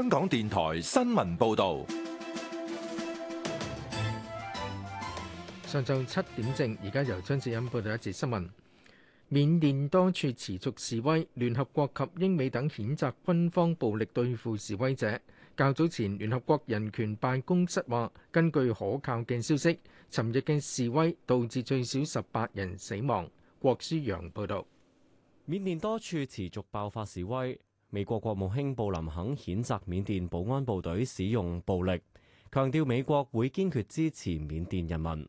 香港電台新聞報道，上晝七點正，而家由張志欣報道一節新聞。緬甸多處持續示威，聯合國及英美等譴責軍方暴力對付示威者。較早前，聯合國人權辦公室話，根據可靠嘅消息，尋日嘅示威導致最少十八人死亡。郭書陽報道，緬甸多處持續爆發示威。美國國務卿布林肯譴責緬甸保安部隊使用暴力，強調美國會堅決支持緬甸人民。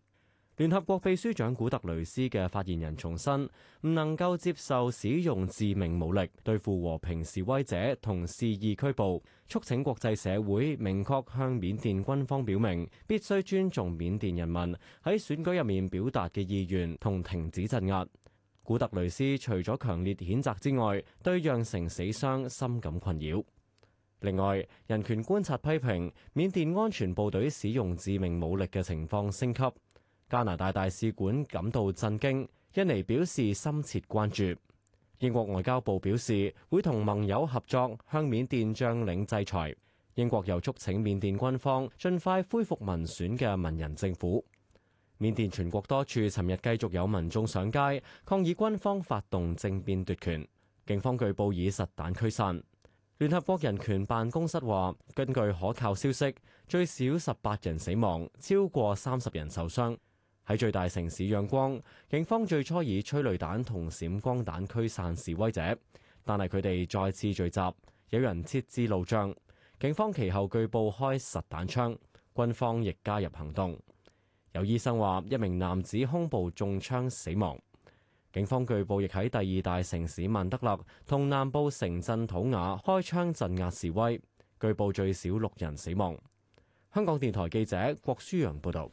聯合國秘書長古特雷斯嘅發言人重申，唔能夠接受使用致命武力對付和平示威者同肆意拘捕，促請國際社會明確向緬甸軍方表明，必須尊重緬甸人民喺選舉入面表達嘅意願，同停止鎮壓。古特雷斯除咗強烈譴責之外，對釀成死傷深感困擾。另外，人權觀察批評緬甸安全部隊使用致命武力嘅情況升級。加拿大大使館感到震驚，印尼表示深切關注。英國外交部表示會同盟友合作向緬甸將領制裁。英國又促請緬甸軍方盡快恢復民選嘅文人政府。緬甸全國多處，尋日繼續有民眾上街抗議軍方發動政變奪權，警方據報以實彈驅散。聯合國人權辦公室話，根據可靠消息，最少十八人死亡，超過三十人受傷。喺最大城市仰光，警方最初以催淚彈同閃光彈驅散示威者，但係佢哋再次聚集，有人設置路障，警方其後據報開實彈槍，軍方亦加入行動。有醫生話一名男子胸部中槍死亡。警方據報亦喺第二大城市曼德勒同南部城鎮土瓦開槍鎮壓示威，據報最少六人死亡。香港電台記者郭舒揚報導。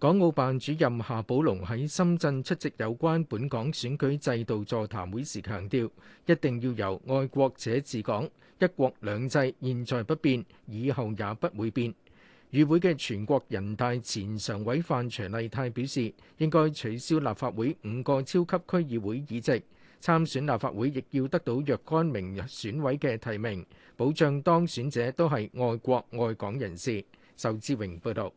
港澳辦主任夏寶龍喺深圳出席有關本港選舉制度座談會時強調，一定要由愛國者治港，一國兩制現在不變，以後也不會變。與會嘅全國人大前常委范徐麗泰表示，應該取消立法會五個超級區議會議席，參選立法會亦要得到若干名選委嘅提名，保障當選者都係愛國愛港人士。仇志榮報道。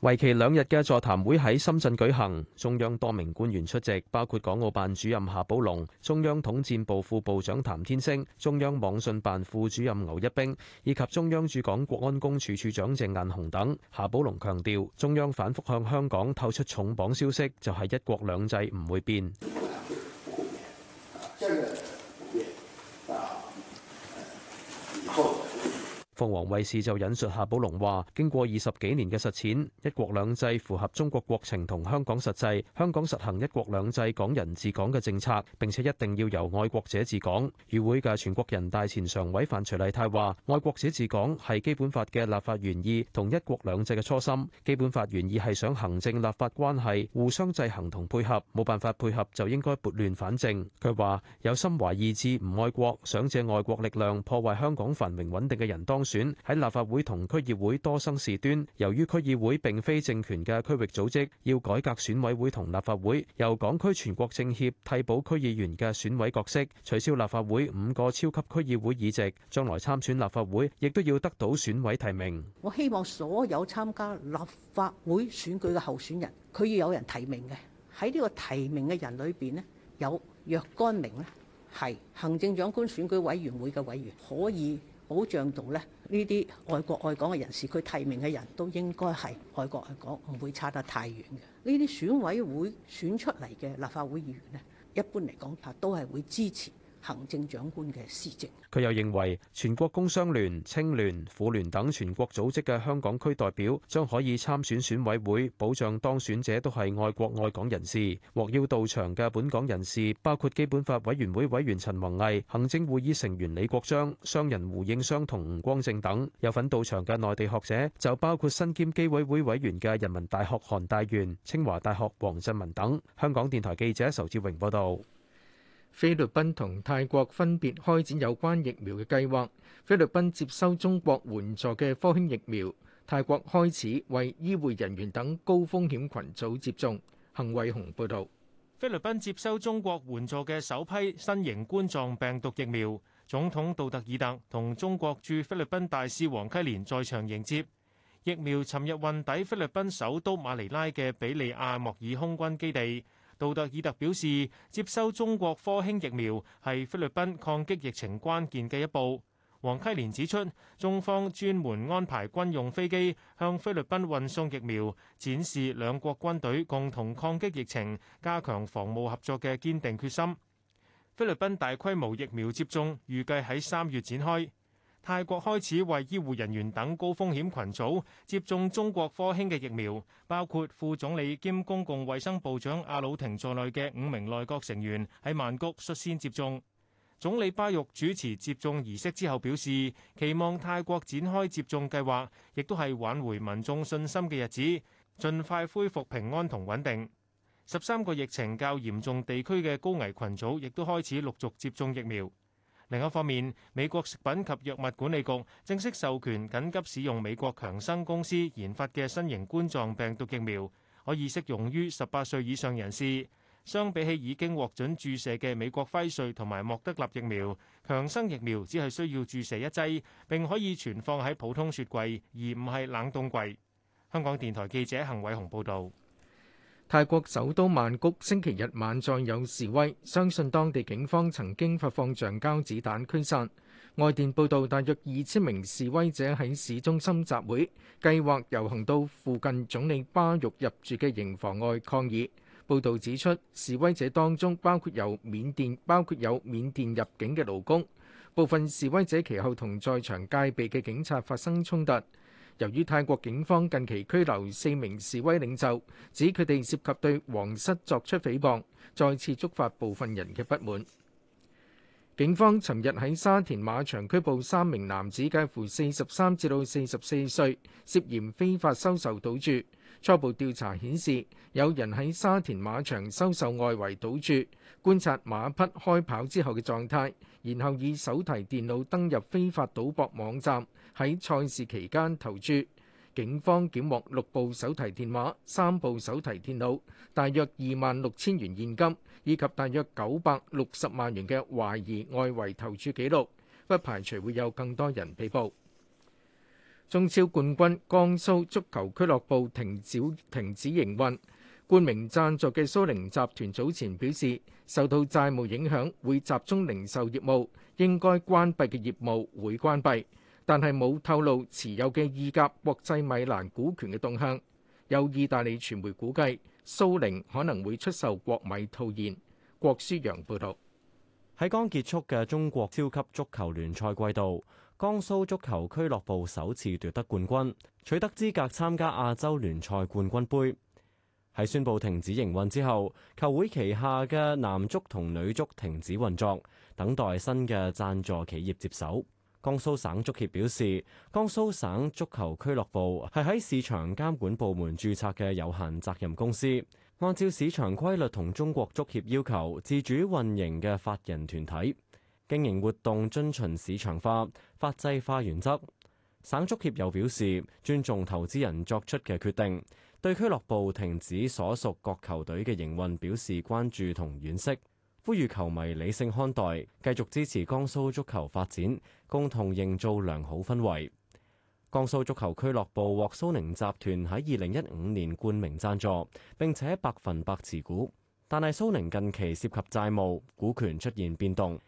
為期兩日嘅座談會喺深圳舉行，中央多名官員出席，包括港澳辦主任夏寶龍、中央統戰部副部長譚天星、中央網信辦副主任牛一兵以及中央駐港國安公署署長鄭雁雄等。夏寶龍強調，中央反覆向香港透出重磅消息，就係、是、一國兩制唔會變。謝謝鳳凰衛視就引述夏寶龍話，經過二十幾年嘅實踐，一國兩制符合中國國情同香港實際，香港實行一國兩制，港人治港嘅政策，並且一定要由愛國者治港。與會嘅全國人大前常委范徐麗泰話，愛國者治港係基本法嘅立法原意，同一國兩制嘅初心。基本法原意係想行政立法關係互相制衡同配合，冇辦法配合就應該撥亂反正。佢話有心懷意志唔愛國，想借外國力量破壞香港繁榮穩定嘅人當。選喺立法會同區議會多生事端，由於區議會並非政權嘅區域組織，要改革選委會同立法會，由港區全國政協替補區議員嘅選委角色，取消立法會五個超級區議會議席，將來參選立法會亦都要得到選委提名。我希望所有參加立法會選舉嘅候選人，佢要有人提名嘅。喺呢個提名嘅人裏邊呢，有若干名呢係行政長官選舉委員會嘅委員可以。保障到咧呢啲愛國愛港嘅人士，佢提名嘅人都應該係愛國愛港，唔會差得太遠嘅。呢啲選委會選出嚟嘅立法會議員咧，一般嚟講佢都係會支持。行政長官嘅施政。佢又認為，全國工商聯、青聯、婦聯等全國組織嘅香港區代表將可以參選選委會，保障當選者都係愛國愛港人士。獲邀到場嘅本港人士包括基本法委員會委員陳弘毅、行政會議成員李國章、商人胡應湘同吳光正等。有份到場嘅內地學者就包括身兼基委會委員嘅人民大學韓大元、清華大學王振文等。香港電台記者仇志榮報導。菲律賓同泰國分別開展有關疫苗嘅計劃。菲律賓接收中國援助嘅科興疫苗，泰國開始為醫護人員等高風險群組接種。恆偉雄報導。菲律賓接收中國援助嘅首批新型冠狀病毒疫苗，總統杜特爾特同中國駐菲律賓大使黃溪連在場迎接。疫苗尋日運抵菲律賓首都馬尼拉嘅比利亞莫爾空軍基地。杜特爾特表示，接收中國科興疫苗係菲律賓抗擊疫情關鍵嘅一步。黃溪連指出，中方專門安排軍用飛機向菲律賓運送疫苗，展示兩國軍隊共同抗擊疫情、加強防務合作嘅堅定決心。菲律賓大規模疫苗接種預計喺三月展開。泰國開始為醫護人員等高風險群組接種中國科興嘅疫苗，包括副總理兼公共衛生部長阿努廷在內嘅五名內閣成員喺曼谷率先接種。總理巴育主持接種儀式之後表示，期望泰國展開接種計劃，亦都係挽回民眾信心嘅日子，盡快恢復平安同穩定。十三個疫情較嚴重地區嘅高危群組亦都開始陸續接種疫苗。另一方面，美國食品及藥物管理局正式授權緊急使用美國強生公司研發嘅新型冠狀病毒疫苗，可以適用於十八歲以上人士。相比起已經獲准注射嘅美國輝瑞同埋莫德納疫苗，強生疫苗只係需要注射一劑，並可以存放喺普通雪櫃，而唔係冷凍櫃。香港電台記者恒偉雄報導。泰國首都曼谷星期日晚上有示威，相信當地警方曾經發放橡膠子彈驅散。外電報道，大約二千名示威者喺市中心集會，計劃遊行到附近總理巴育入住嘅營房外抗議。報道指出，示威者當中包括有緬甸包括有緬甸入境嘅勞工，部分示威者其後同在場戒備嘅警察發生衝突。由於泰國警方近期拘留四名示威領袖，指佢哋涉及對皇室作出誹謗，再次觸發部分人嘅不滿。警方尋日喺沙田馬場拘捕三名男子，介乎四十三至到四十四歲，涉嫌非法收受賭注。初步調查顯示，有人喺沙田馬場收受外圍賭注，觀察馬匹開跑之後嘅狀態，然後以手提電腦登入非法賭博網站，喺賽事期間投注。警方檢獲六部手提電話、三部手提電腦、大約二萬六千元現金，以及大約九百六十萬元嘅懷疑外圍投注記錄，不排除會有更多人被捕。中超冠軍江蘇足球俱樂部停止停止營運，冠名贊助嘅蘇寧集團早前表示，受到債務影響，會集中零售業務，應該關閉嘅業務會關閉。但係冇透露持有嘅意甲國際米蘭股權嘅動向。有意大利傳媒估計，蘇寧可能會出售國米套現。郭舒陽報道。喺剛結束嘅中國超級足球聯賽季度，江蘇足球俱樂部首次奪得冠軍，取得資格參加亞洲聯賽冠軍盃。喺宣布停止營運之後，球會旗下嘅男足同女足停止運作，等待新嘅贊助企業接手。江蘇省足協表示，江蘇省足球俱樂部係喺市場監管部門註冊嘅有限責任公司，按照市場規律同中國足協要求自主運營嘅法人團體，經營活動遵循市場化、法制化原則。省足協又表示，尊重投資人作出嘅決定，對俱樂部停止所屬各球隊嘅營運表示關注同惋惜。呼籲球迷理性看待，繼續支持江蘇足球發展，共同營造良好氛圍。江蘇足球俱樂部獲蘇寧集團喺二零一五年冠名贊助，並且百分百持股。但係蘇寧近期涉及債務，股權出現變動。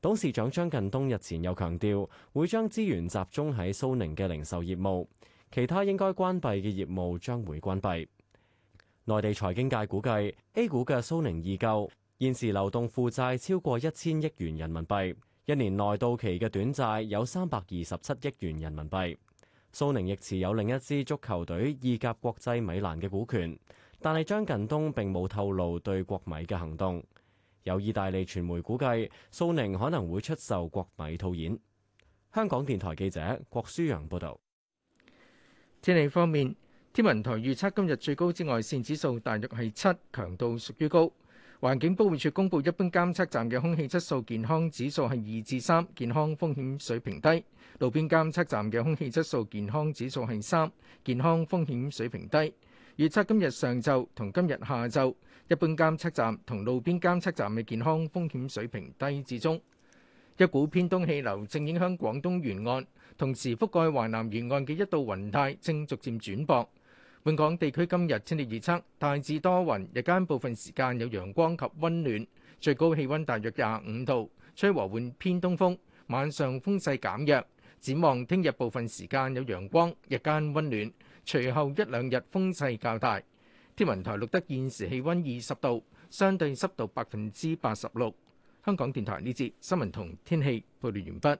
董事長張近東日前又強調，會將資源集中喺蘇寧嘅零售業務，其他應該關閉嘅業務將會關閉。內地財經界估計，A 股嘅蘇寧易購。現時流動負債超過一千億元人民幣，一年內到期嘅短債有三百二十七億元人民幣。蘇寧亦持有另一支足球隊意甲國際米蘭嘅股權，但係張近東並冇透露對國米嘅行動。有意大利傳媒估計，蘇寧可能會出售國米套現。香港電台記者郭舒陽報道。天氣方面，天文台預測今日最高紫外線指數大約係七，強度屬於高。環境保護署公布，一般監測站嘅空氣質素健康指數係二至三，健康風險水平低；路邊監測站嘅空氣質素健康指數係三，健康風險水平低。預測今日上晝同今日下晝，一般監測站同路邊監測站嘅健康風險水平低至中。一股偏東氣流正影響廣東沿岸，同時覆蓋華南沿岸嘅一道雲帶正逐漸轉薄。本港地區今日天氣預測，大致多雲，日間部分時間有陽光及溫暖，最高氣温大約廿五度，吹和緩偏東風，晚上風勢減弱。展望聽日部分時間有陽光，日間溫暖，隨後一兩日風勢較大。天文台錄得現時氣温二十度，相對濕度百分之八十六。香港電台呢節新聞同天氣報道完畢。